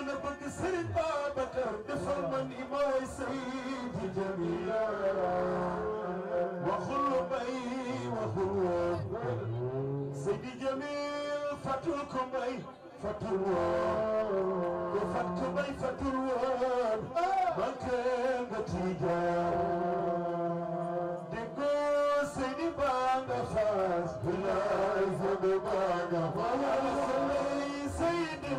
gën a bëgg sëriñ Babacar defal man i mooy sayidi jamila waxul bay waxul woon sayidi jamil fatul ko may fatul woon ko fat ko may fatul woon banque nga tiijaan déggoo sayidi baa nga faas bilaay sa baa nga faas sayidi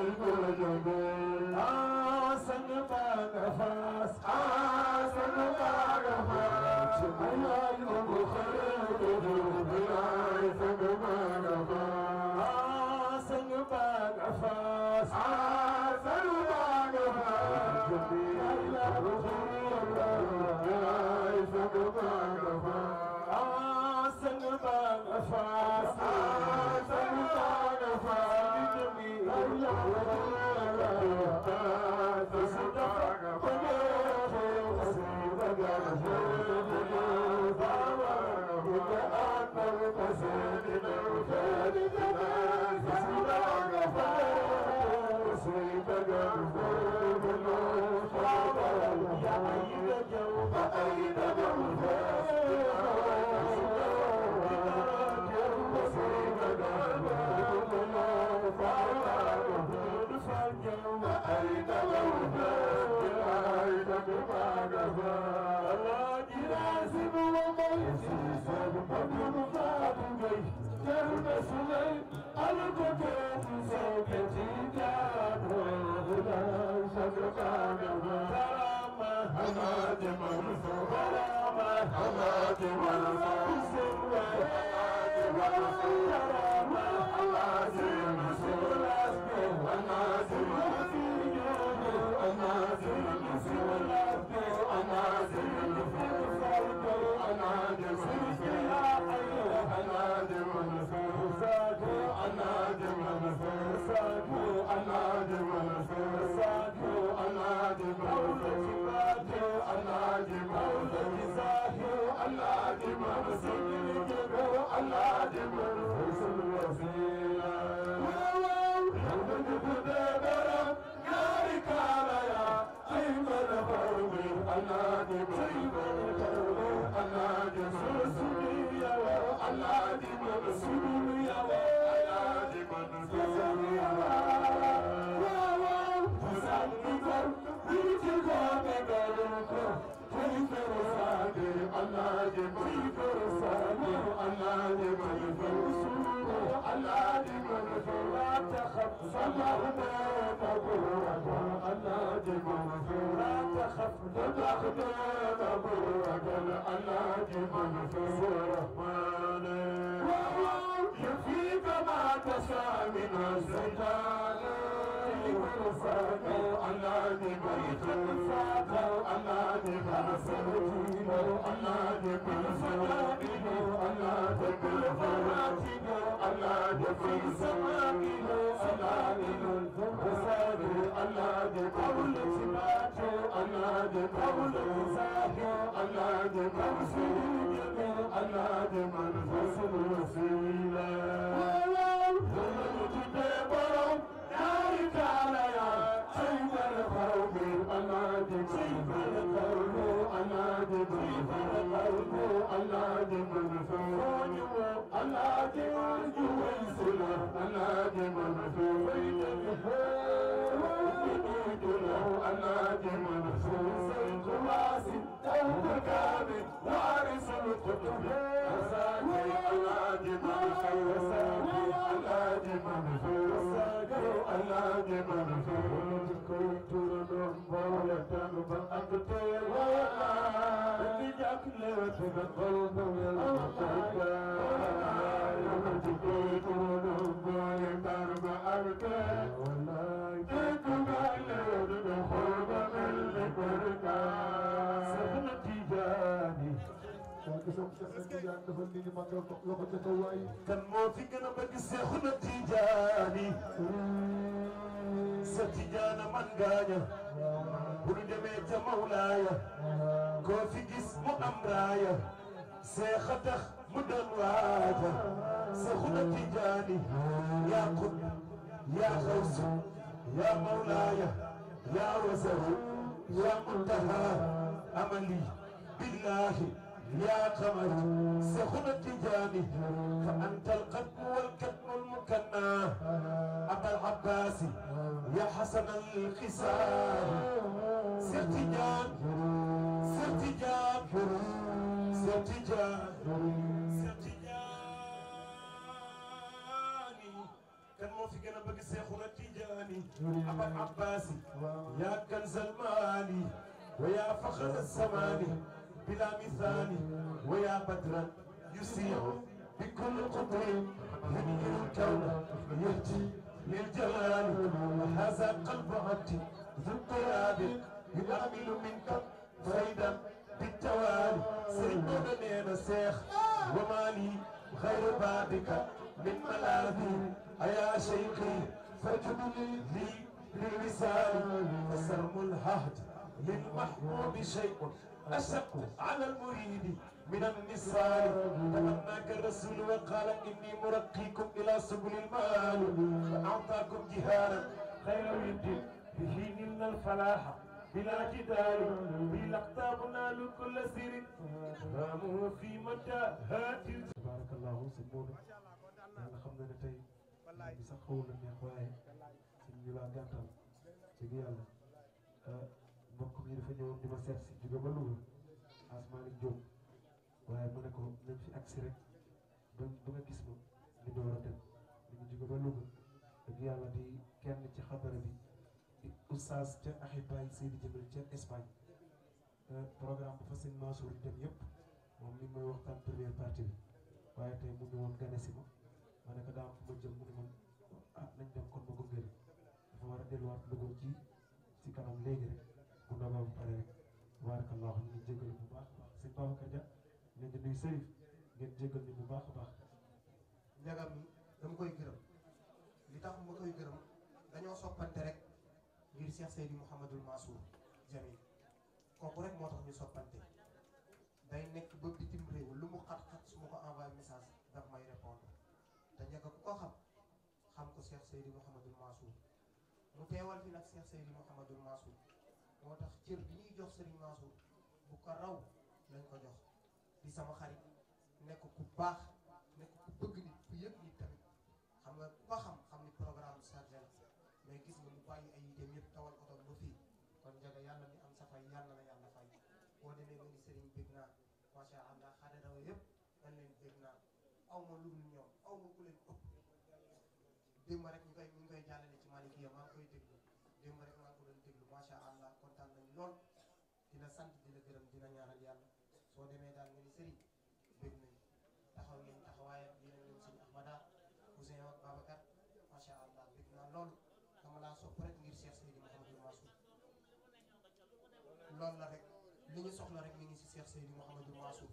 I'm not the one سامنا زيدانا لو أنني بيت لو أنني بنصرتي لو أنني بنصرتي لو أنني بنصرتي لو أنني بنصرتي kan moo fi gën a bëgg Seexuna Tijaani. sa Tijaana man gaaña. bu nu Mawlaaya. koo fi gis mu am raaya. seex mu doon waaja. Seexuna Tijaani. yaa qut yaa xawsu. yaa Mawlaaya. yaa wasaru. yaa muntaha amali. billahi. يا قمر سخن التجاني فأنت القدم والكتم المكنى أبا العباس يا حسن الخسار سير تجان سير تجان سير تجان سير تجاني كان مو في كان بقى سيخنا التجاني أبا العباس يا كنز المالي ويا فخر الزمان بلا مثال ويا بدر يسيع بكل قطر ينير الكون يهدي للجلال هذا قلب عبد ذو التراب يؤمل منك فيدا بالتوالي سيدنا نينا سيخ ومالي غير بابك من ملاذي أيا شيخي فاجبني لي للوصال فسرم الههد للمحبوب شيء أشق على المريد من النساء تمناك الرسول وقال إني مرقيكم إلى سبل المال فأعطاكم جهانا خير الدين به نلنا الفلاح بلا جدال بلا اقتاب نال كل سير فهمه في متى هاتي تبارك الله سبحانه yàlla xam na ne tey bi sax xawul na neex waaye suñ ñu laa gàntal ci yàlla ñii dafa ñëwoon di ma seet si jóge ba Louga Asmalik Diop waaye ma ne ko nañ fi agsi rek ba ba nga gis ma ñu door a dem ñu jóge ba Louga dëgg yàlla di kenn ci xadara bi di oustaz ca Ahibaay Seydi Jamil ca Espagne euh, programme bu fa yëpp moom mi mooy waxtaan première partie bi waaye tey mu woon gane si ma ma ne ko daa am fu ah, dafa war a delluwaat Louga ci ci kanam léegi rek bu ndogoom bu baax a baax sëñ Babacar Dia bu baax a baax. njagam mi koy gërëm tax ma koy gërëm dañoo soppante rek ngir Cheikh Seydi Mouhamadul Mansour Jamil kooku rek moo tax ñu soppante day nekk ba bitim réew lu mu xat-xat su ma ko envoyé message daf may répondre te njëkk ku ko xam xam ko Cheikh Seydi Mouhamadul Mansour mu teewal fi nag Cheikh Seydi Mouhamadul Mansour. moo tax cër bi ñuy jox Serigne Mansour bu ko raw lañ ko jox di sama xarit nekk ku baax nekk ku bëgg nit ku yëg nit tamit xam nga ku ko xam xam ni programme chargé la mais gis nga mu bàyyi ay yiteem yëpp tawal oto ba fii kon jaga yàlla mi am sa fay yàlla na yàlla fay boo demee ba ni Serigne bég naa macha allah xale raw yëpp dañ leen bég naa aw ma lu ñoom aw ku leen ëpp dégg ma rek dina ñaaral yàlla soo demee daal nga ni sëriñ bëgg nañ taxaw ngeen taxawaayam yéen ñoom sëñ Ahmada Ousseynou ak Babacar bëgg naa loolu dama laa sopp rek ngir Cheikh Seydi Mouhamadou Mansour loolu la rek li ñu soxla rek mi ngi si Cheikh Seydi Mouhamadou Mansour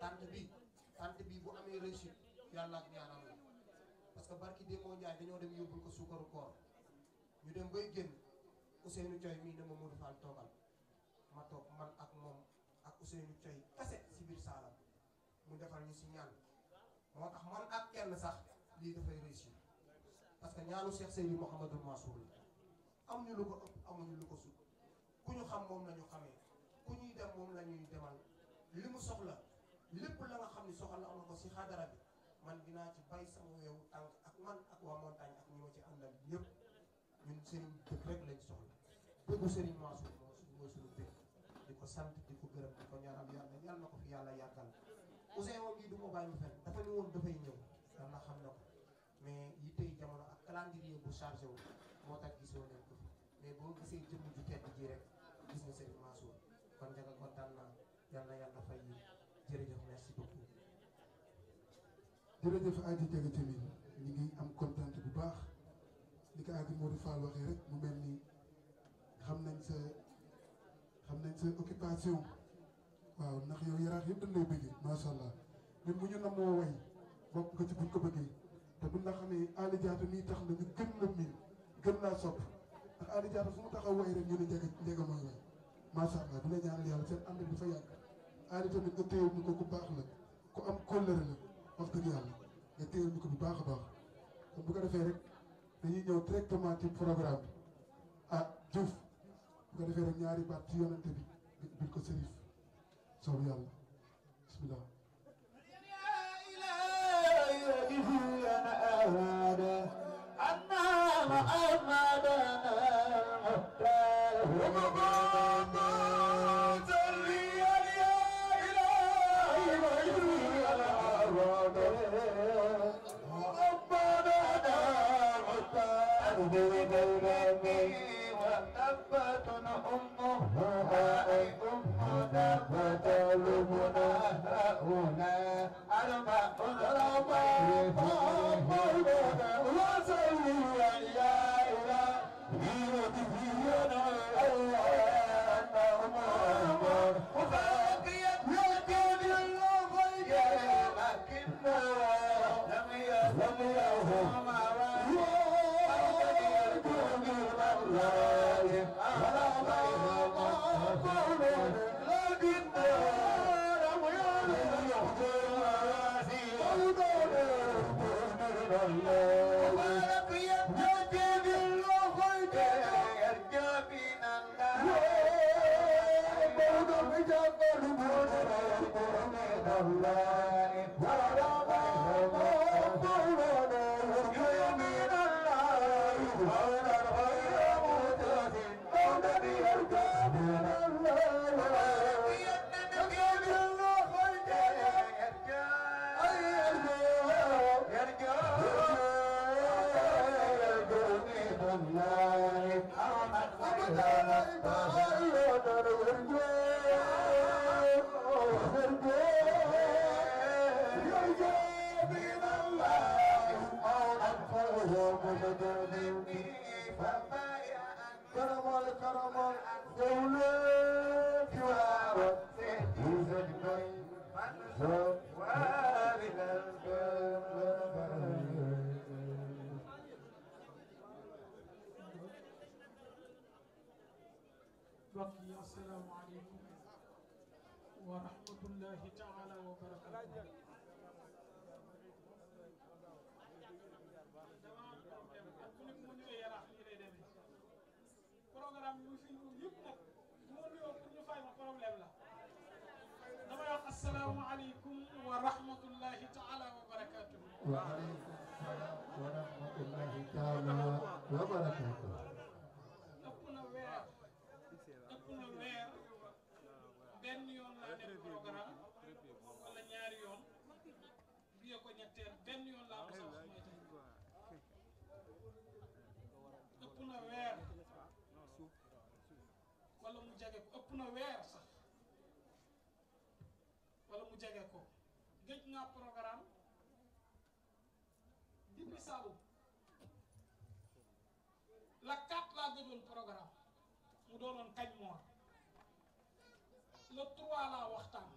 tant bi tant bi bu amee réussite yàlla ak ñaanam la parce que barki Demba Ndiaye dañoo dem yóbbul ko suukaru koor ñu dem bay génn Ousseynou Thioye mii ne Mamadou Fall toogal. ma toog man ak moom ak Ousseynou Thioye kese si biir saalam mu defal ñu si ñaan moo tax man ak kenn sax lii dafay réussir parce que ñaanu Cheikh Seydou Mouhamadou Mansour la amuñu lu ko ëpp amuñu lu ko sut ku ñu xam moom la ñu xamee ku ñuy dem moom la ñuy demal li mu soxla lépp la nga xam ni soxla na ko si xadara bi man dinaa ci bay sama weewu tànk ak man ak waa montagne ak ñi ci àndal ñëpp ñun Serigne dëgg rek lañ soxla dëggu Serigne Mansour sant di ko gërëm di ko ñaanal yàlla yàlla na ko fi yàlla yàggal Ouzin moom lii du ma bàyyi fenn dafa ni woon dafay ñëw yàlla xam na ko mais yi jamono ak calendrier bu chargé moo tax gis na Serigne Mansour kon njaga kontaan naa yàlla yàlla fay ngi am kontaan bu baax li ko Adja Modou Fall waxee rek mu mel ni xam nañ sa. nañ seen occupation waaw ndax yow yaraax yëpp dañ lay bëggee macha allah ñun bu ñu namoo way bokk nga ci buñ ko bëggee te buñ la xamee Aly Diatta mii tax na ñu gën la miin gën naa sopp ndax Aly Diatta fu mu taxaw way rek ñu ne njëga mooy way macha allah di la ñaanal yàlla seen ànd bi fa yàgg Aly tamit nga téyel ñu ko ku baax la ku am kóllëre la wax dëgg yàlla nga téyel ñu ko bu baax a baax kon bu ko defee rek dañuy ñëw directement ci programme bi ah bu ko defee rek ñaari baat ci yonante bi bi ko sërif soobu yàlla wa rahmatullahi taala wa barakatuh ak nit mu ñëwee yaraax nii lay demee programme bi fi ñu yëpp nag moo nuyoo pour ñu fay ma problème la dama wax asalaamaaleykum wa rahmatullahi taala wa barakatuh wa aleykum salaam wa rahmatullahi taala wa barakatuh na weer mu jege ko géej naa programme depuis Saloum la quatre laa gëjoon programme mu doonoon kañ moor le trois laa waxtaan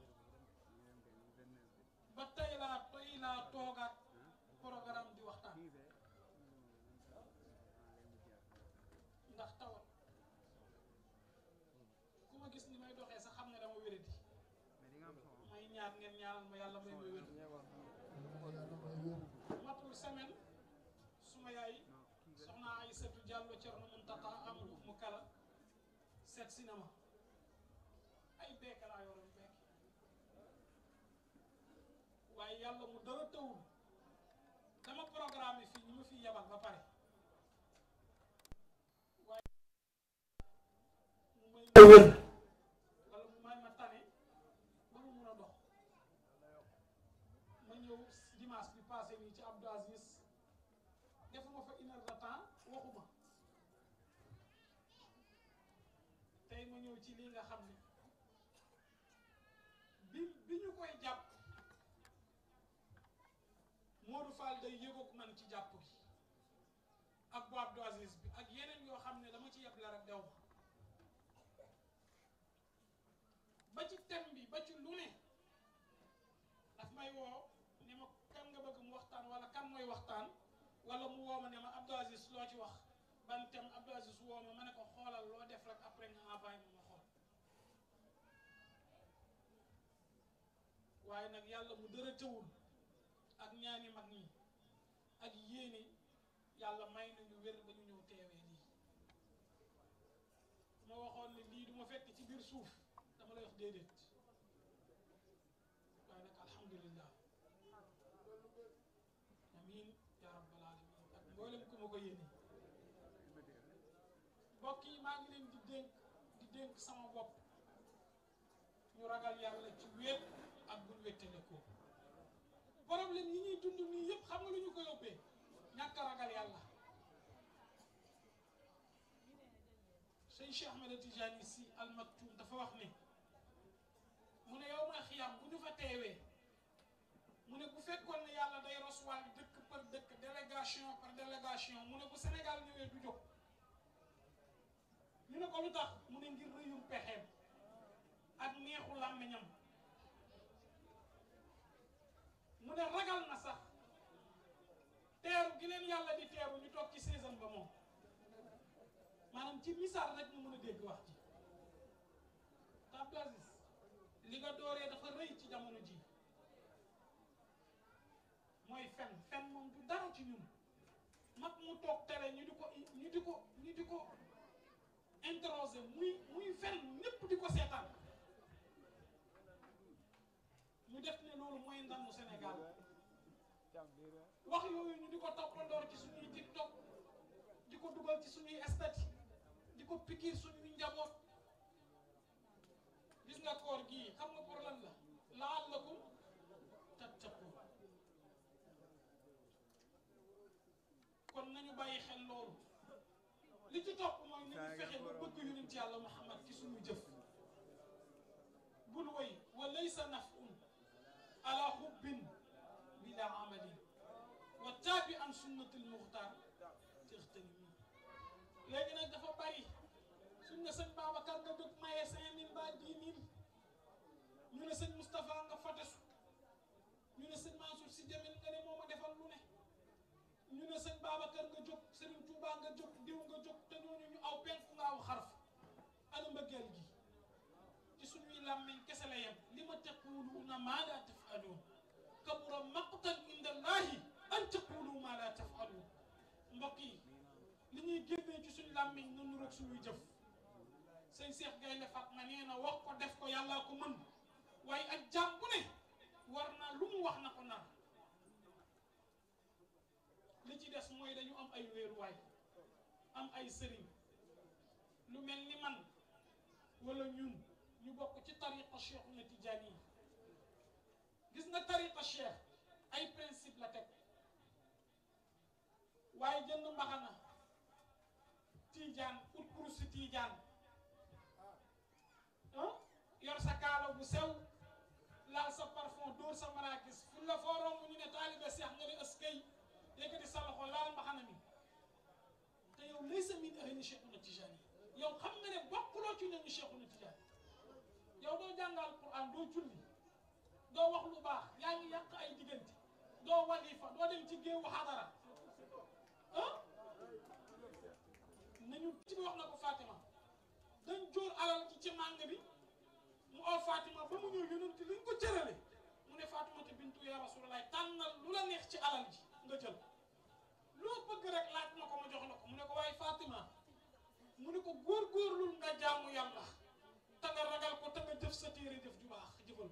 ñaar ngeen ñaanal ma yàlla may ma wér matul semaine suma yaay soxna Aïssatou Diallo Thierno Mountakha amul mu kala seet si na ma ay beek laa yoroon beek waaye yàlla mu dara tawul dama programme fii ñu ma fi yabal ba pare waaye mu may yow dimanche bi passé nii ci Abdou Aziz defuma fa une heure de temps waxuma tey ma ñëw ci lii nga xam ne bi bi ñu koy jàpp Modou Fall day yëgoog man ci jàpp gi ak bu Abdou Aziz bi ak yeneen yoo xam ne dama ci yeb la rek dew ba ci thème bi ba ci lu ne wala mu woo ma ne ma Abdou su loo ci wax ban thème Abdou Aziz ma ma ne ko xoolal loo def rek après nga envoyé ñu ma xool waaye nag yàlla mu dara tëwul ak ñaani mag ñi ak yéene yàlla may nañu wér ba ñu ñëw teewee lii ma waxoon ne lii duma fekk ci biir suuf dama lay wax déedéet sama bopp ñu ragal yàlla ci wéet ak buñ wéttale ko problème yi ñuy dund nii yëpp xam nga lu ñu ko yóbbee ñàkk ragal yàlla sëñ Cheikh Ahmed Tidiane si Al dafa wax ne mu ne yow ma xiyaam bu ñu fa teewee mu ne bu fekkoon yàlla day recevoir dëkk par dëkk délégation par délégation mu ne bu Sénégal ñëwee du jóg ñu ne ko lu tax mu ne ngir rëyum pexeem ak neexu làmmiñam mu ne ragal na sax teeru gi leen yàlla di teeru ñu toog ci saison ba moom maanaam ci misaal rek ñu mën a dégg wax ji tablasis li nga dooree dafa rëy ci jamono ji mooy fen fen moom du dara ci ñun mag mu toog tere ñu di ko ñu di ko ñu di ko interrogé muy muy fen ñëpp di ko seetaan ñu def ne loolu mooy ndanu Sénégal wax yooyu ñu di ko toppandoor ci suñuy TikTok di ko dugal ci suñuy statut di ko pikiir suñuy njaboot gis nga gi xam nga pour lan la la'allakum tattaqun kon nañu bàyyi xel loolu li ci topp mooy ni ñu fexe ba bëgg yonent yàlla Muhammad ki suñu jëf bul woy wa laysa nafun ala xubbin bila amalin wa taabi an sunnatil muxtaar tëxtani mi léegi nag dafa bari suñ ne sëñ Babacar nga dëkk maye cinq mille ba dix mille ñu ne sëñ Moustapha nga fotesu ñu ne sëñ Mansour si demel nga ne moom ñu ne sëñ Babacar nga jóg Serigne Touba nga jóg diw nga jóg te ñooñu ñu aw penku nga aw xarf ana mbëggeel gi ci kese la yem li ma taquluuna maa laa tafaluun kabura maqtan inda allahi an taqulu maa laa tafaluun mbokk yi li ñuy génnee ci suñu làmmiñ nunu rek suñuy jëf sëñ Seex Gaynde Fatma nee na wax ko def ko yàllaa ko mën waaye ak jàmm ne war naa lu wax na ko nar ci des mooy dañu am ay wéeruwaay am ay sëriñ lu mel ni man wala ñun ñu bokk ci tariqa cheikh na tijaan yi gis nga tariqa cheikh ay principe la teg waaye jënd mbaxana tijaan pour pour si tijaan yor sa kaala bu sew laal sa parfum dóor sa maraakis fu la foo romb ñu ne taalibe seex nga ne ëskay yëkkati sa loxo laal mbaxana mi te yow laysa min ahli Cheikhuna Tijaani yow xam nga ne bokkuloo ci ñooñu Cheikhuna Tijaani yow doo jàngal Qur'an doo julli doo wax lu baax yaa ngi yàq ay diggante doo walifa doo dem ci géewu xadara ah nañu ci wax na ko Fatima dañ jóor alal ci ci màng bi mu oo Fatima ba mu ñëw yonent liñ ko cërale mu ne Fatima te bintu yaa Rasulullah tànnal lu la neex ci alal ji nga jël loo bëgg rek laaj na ko mu jox la ko mu ne ko waaye Fatima mu ne ko góorgóorlu nga jaamu yàlla te nga ragal ko te nga jëf sa téere jëf ju jëfal ko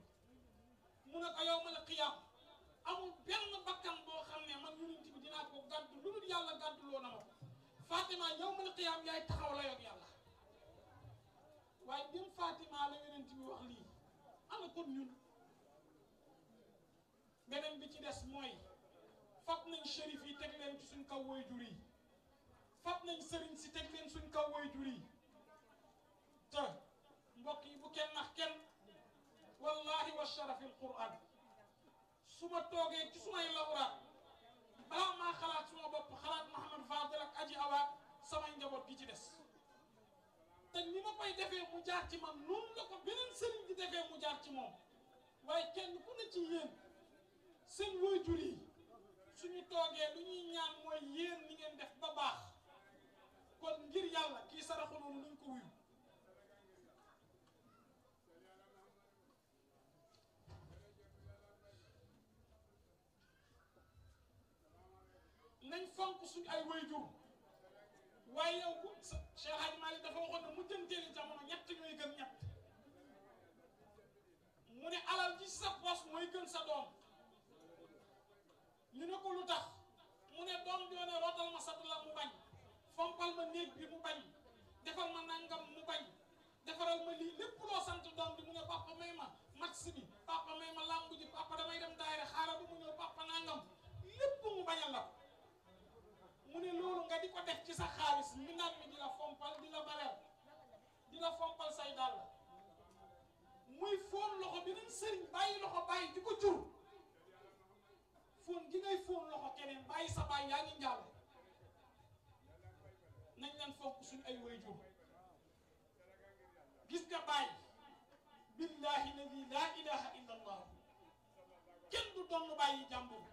mu ne ko yow ma la xiyaam amul benn bakkan boo xam ne man yonent bi dinaa ko gàddu lu dul yàlla gàddu loo na ma ko Fatima yow ma la xiyaam yaay taxaw la yoog yàlla waaye dem Fatima la yonent bi wax lii ana kon ñun beneen bi ci des mooy fab nañ shérif yi teg leen suñ kaw woy jur yi fab nañ sëriñ si teg leen kaw woy jur yi te mbokk yi bu kenn nax kenn wallahi wa sharafil quran su ma toogee ci sumay lawraat balaa maa xalaat suma bopp xalaat Mouhamad Fadel ak Aji Awaat samay njaboot gi ci des te ni ma koy mu jaar ci man noonu la ko beneen sëriñ di defee mu jaar ci moom waaye kenn ku ne ci yéen seen woy jur suñu toogee lu ñuy ñaan mooy yéen ni ngeen def ba baax kon ngir yàlla kii saraxu noonu ko wuyu nañ fonk suñu ay wayjur waaye yow bu Cheikh Hadj Malick dafa waxoon ne mujjanteeli jamono ñett ñooy gën ñett mu ne alal ji sa poos mooy gën sa doom ñu ne ko lu tax mu ne doom joo ne rootal ma satu la mu bañ fompal ma néeg bi mu bañ defal ma nangam mu bañ defaral ma lii lépp loo sant doom bi mu ne papa may ma max bi papa may ma làmb ji papa damay dem daayira xaaral mu ñëw papa nangam lépp mu bañal la mu ne loolu nga di ko def ci sa xaalis mi naan mi di fompal di la baleel di la fompal say dàll muy foon loxo bi nañ sëriñ bàyyi loxo bàyyi di ko jur fóon gi ngay fóon loxo keneen bàyyi sa baay yaa ngi njaal nañ leen fonk suñ ay waajur gis nga baay billahi ladi laa ilaha illa kenn du donn bàyyi jàmbur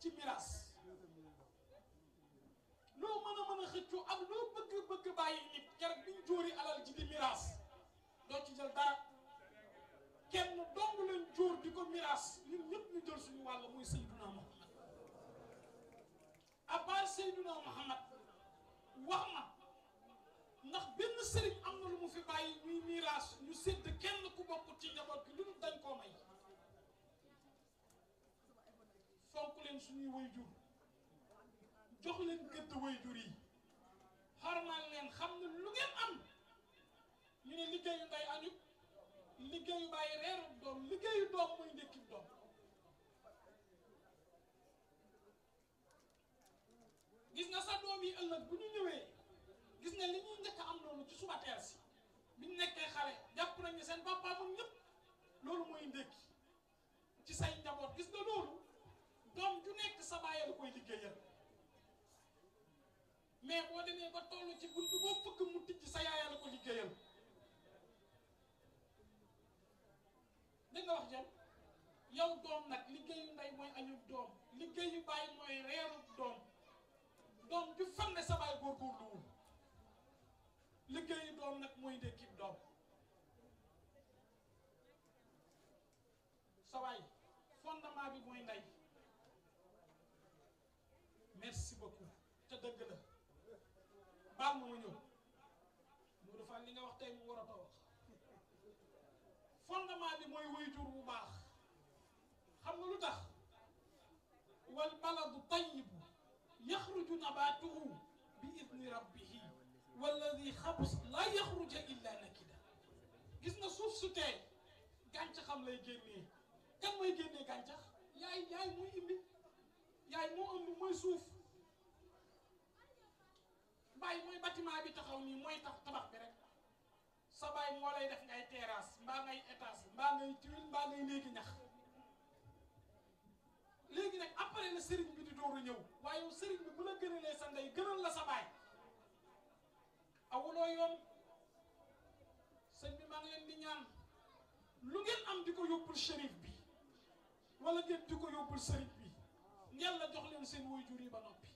ci miraas loo mën a mën a xëccu ak loo bëgg bëgg nit keroog biñ jóori alal ji miraas doo ci jël dara jóor di ko miraas ñun ñëpp ñu jël suñu wàll muy Seyduna Muhammad abaay Seyduna Muhammad wax ma ndax benn sëriñ am na lu mu fi bàyyi ñuy miraas ñu sédd kenn ku bokk ci njaboot bi lu ñu dañ koo may fonk leen suñuy waajur jox leen gëdd waajur yi xormaal leen xam ne lu ngeen am ñu ne liggéeyu nday añu liggéeyu bàyyi reerub doom liggéeyu doom muy ndékkib doom gis na sa doom yi ëllëg bu ñu ñëwee gis nga li ñuy njëkk am noonu ci suba teel si biñ nekkee xale jàpp nañu seen papa moom ñëpp loolu mooy ndékki ci say njaboot gis nga loolu doom ju nekk sa bàyyi la koy liggéeyal mais boo demee ba toll ci buntu boo fëkk mu tijj sa yaaya la ko liggéeyal yow doom nag liggéeyu ndey mooy añu doom liggéeyu baay mooy reeru doom doom ju fan ne sa baay góorgóorluwul liggéeyu doom nag mooy ndékkib doom sa waay fondement bi mooy ndey merci beaucoup te dëgg la baal ma ñëw mu dafa li nga wax tey mu war a wax fondement bi mooy wayjur bu baax xam nga lu tax wal baladu tayibu yaxruju nabaatuhu bi idni rabbihi walladi xabus laa yaxruja illa nakida gis nga suuf su tee gàncaxam lay génnee kan mooy génnee gàncax yaay yaay muy imbi yaay moo ëmb mooy suuf bàyyi mooy bâtiment bi taxaw nii mooy tax tabax bi rek sa bàyyi moo lay def ngay terrasse mbaa ngay étage mbaa ngay tuile mbaa ngay léegi ñax a ñëw waaye yow sëriñ bi bu la gënalee sa ndey gënal la sa baay awuloo yoon sëñ bi maa ngi leen di ñaan lu ngeen am di ko yóbbul shérif bi wala ngeen di ko yóbbul sëriñ bi yàlla jox leen seen waajur yi ba noppi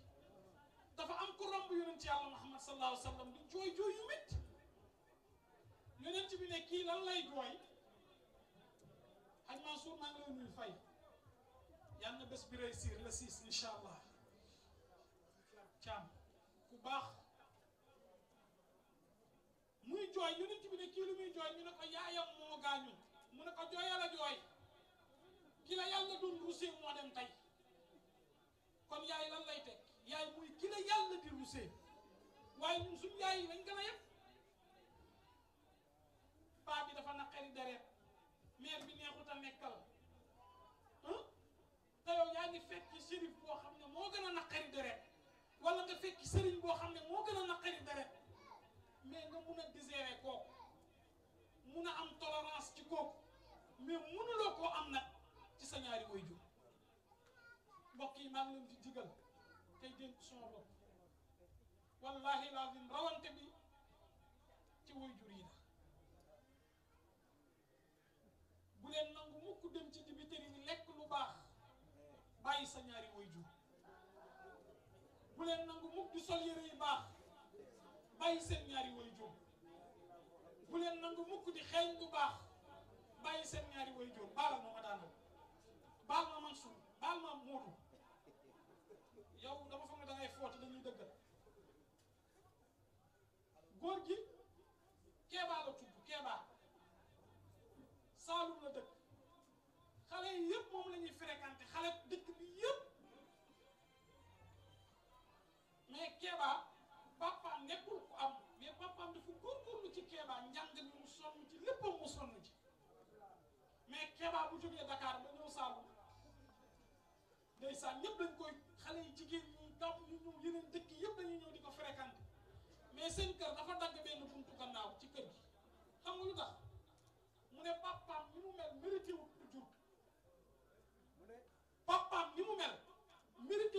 dafa am ku romb yonent yàlla Muhammad sallallahu alayhi wa di jooy jooy yu métti yonent bi kii lan lay jooy xaj Mansour maa ngi lay fay yàlla na bés bi réussir le 6 incha allah caam ku baax muy jooy yu nit bi ne kii lu muy jooy ñu ne ko yaayam moo gaañu mu ne ko jooyal a jooy ki la yàlla doon rusee moo dem tey kon yaay lan lay teg yaay muy ki la yàlla di rusee waaye ñun suñu yaay lañ gën a yëpp paa bi dafa naqari deret mère bi neexut a nekkal te yow yaa ngi fekk shérif boo xam ne moo gën a naqari deret wala nga fekk sëriñ boo xam ne moo gën a naqari deret mais nga mun a digérer kooku mun a am tolérance ci kooku mais munuloo koo am nag ci sa ñaari waajur mbokk maa ngi leen di digal tey dénk sama bopp yi bu leen nangu mukk dem ci dibiteri yi lekk lu baax bàyyi sa ñaari woy jur bu nangu mukk di sol yére yu baax bàyyi seen ñaari woy jur bu leen nangu mukk di bu baax bàyyi seen ñaari way jur baax moo ma daanal baal ma Mansour baal ma Moodu yow dama foog ne da ngay footi dañuy dëggal góor gi keebaa la tudd keebaa Saalum la dëkk xale yi yëpp moom la ñuy xale dëkk ne Kéba papaam nekkul ku am mais papaam dafa góorgóorlu ci Kéba njàng mi mu sonn ci léppam mu sonn ci mais Kéba bu jógee Dakar ba ñëw Saalum ndeysaan ñëpp dañ koy xale yi jigéen ñi tam ñu ñëw dëkk yëpp dañuy ñëw di ko fréquenté mais seen kër dafa dagg benn buntu gannaaw ci kër gi xam nga lu tax mu ne papaam ni mu mel mérité wut ku jur papaam ni mu mel mérité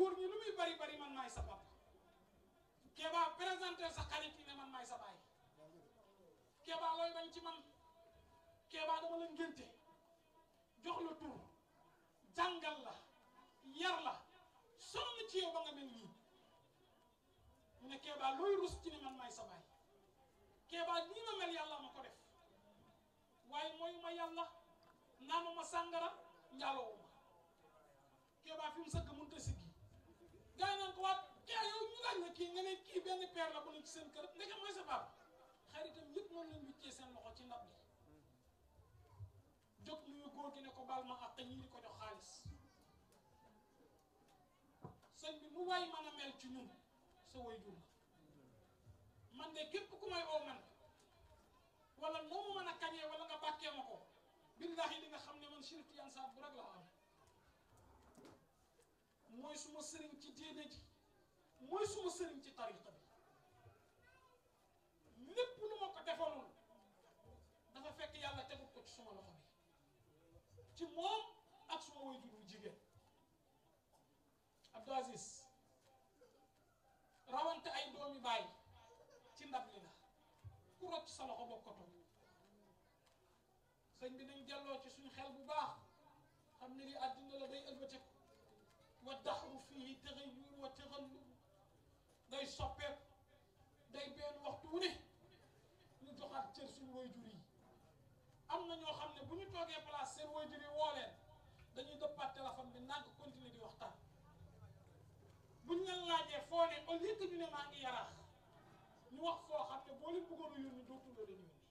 góor ñi bari bari man maay sa papa Kéba présenté sa xarit yi ne man maay sa baay Kéba looy bañ ci man Kéba dama la ngénte jox la tur jàngal la yar la sonn ci yow ba nga mel nii mu ne Kéba looy rus ci ne man maay sa baay Kéba nii ma mel yàlla ma ko def waaye mooyu ma yàlla naanuma sàngara njaaloowu ma Kéba fi mu sëgg mënut a gars yi naan ko waat kii ñu laaj na kii nga ne kii benn père la ko ne ci seen kër ndeke mooy sa baab xaritam yëpp moom lañ wiccee seen loxo ci ndab gi jóg nuyu góor gi ne ko baal ma àq ñii di ko jox xaalis sëñ bi mu waay mën a mel ci ñun sa way jur man de képp ku may oo man wala moomu mën a kañee wala nga bàkkee ma ko billahi li nga xam ne man shirif yan saat bu rek la am mooy suma sëriñ ci diine ji mooy suma sëriñ ci tariqa bi lépp lu ma ko defaloon dafa fekk yàlla tegut ko ci suma loxo bi ci moom ak suma waajur wu jigéen Abdou Aziz rawante ay doomi bàyyi ci ndab li la ku sa loxo bokkatoo sëñ bi nañ jàlloo ci suñu xel bu baax xam ne li àddina la day ëlbatiku wa daxru fii tëxëyur wa tëxëllub day soppeek day benn waxtu wu ne ñu joxaat cër suñu waajur yi am na ñoo xam ne bu ñu toogee place seen waajur yi woo leen dañuy dëppaat téléphone bi naan ko continuer di waxtaan bu ñu leen laajee foo ne au lieu que ñu ne maa ngi yaraax ñu wax foo xam ne boo leen bëggoon a yónni dootuloo leen yónni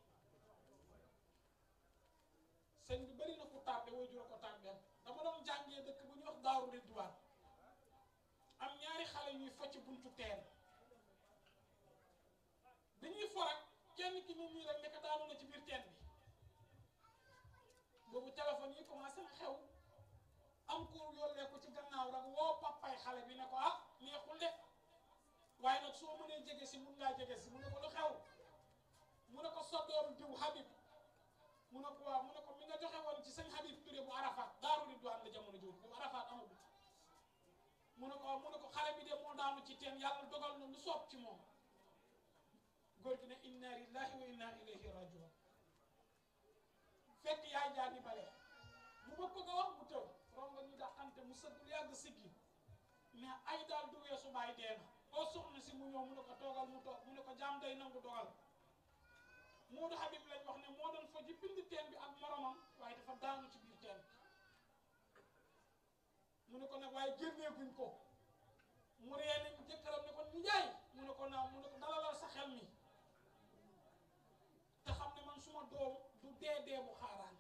sëñ bi bëri na ku tardé waajur a ko tardé dama doon jàng daaru ridwaan am ñaari xale ñuy focc buntu teen dañuy forak kenn ki nit ñi rek nekk na ci biir teen bi boobu téléphone yi commencé na xew am ku yollee ko ci gannaaw rek woo papay xale bi ne ko ah neexul de waaye nag soo mënee jege si mun ngaa jege si mu ne ko lu xew mu ne ko soddoom diw Habib mu ne ko waaw mu ne ko mi nga joxe woon ci sëñ Habib Touré bu Arafat Daaru Ridwaan la jamono jooju bu Arafat mu ne ko mu ne ko xale bi de moo daanu ci teen yàlla dogal na lu soob ci moom góor gi ne inna lillahi wa inna ilayhi rajiun fekk yaay jaa bale mu bëgg ko nga wax mu tëw ronga ñu daxante mu sëgg lu yàgg siggi mais ay daal du weesu bàyyi dee na boo soxna si mu ñëw mu ne ko toogal mu toog mu ne ko jaam day nangu dogal Moodu Habib lañ wax ne moo doon fa bind teen bi ak moromam waaye dafa daanu ci biir mu ne ko nag waaye génneeguñ ko mu ree nañ jëkkëram ne ko nijaay mu ne ko naam mu ne ko dalalal sa xel mi te xam ne man suma doom du dee dee bu xaaraan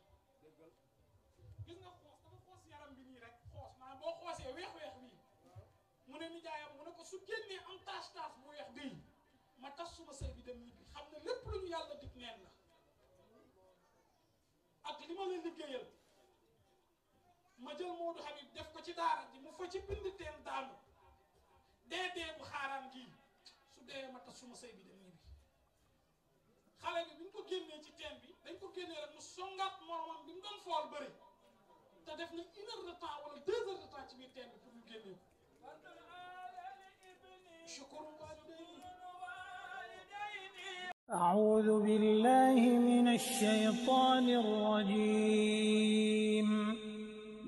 gis nga xoos dafa xoos yaram bi nii rek xoos maanaam boo xoosee weex weex bii mu ne nijaayam mu ne ko su génnee am tache tache bu weex bii ma tas suma sëy bi dem ñibbi xam ne lépp lu ñu yàlla dig neen la ak li ma leen liggéeyal ma jël Modou Habib def ko ci daara ji mu fa ci bind teen daanu dee dee bu xaaraan gii su dee ma tas suma sëy bi dem ñibbi xale bi bi ñu ko génnee ci teen bi dañ ko génnee rek mu songaat moromam bi mu doon fool bëri te def na une heure de temps wala deux heures de temps ci biir teen bi pour ñu génnee ko شكر أعوذ بالله من الشيطان الرجيم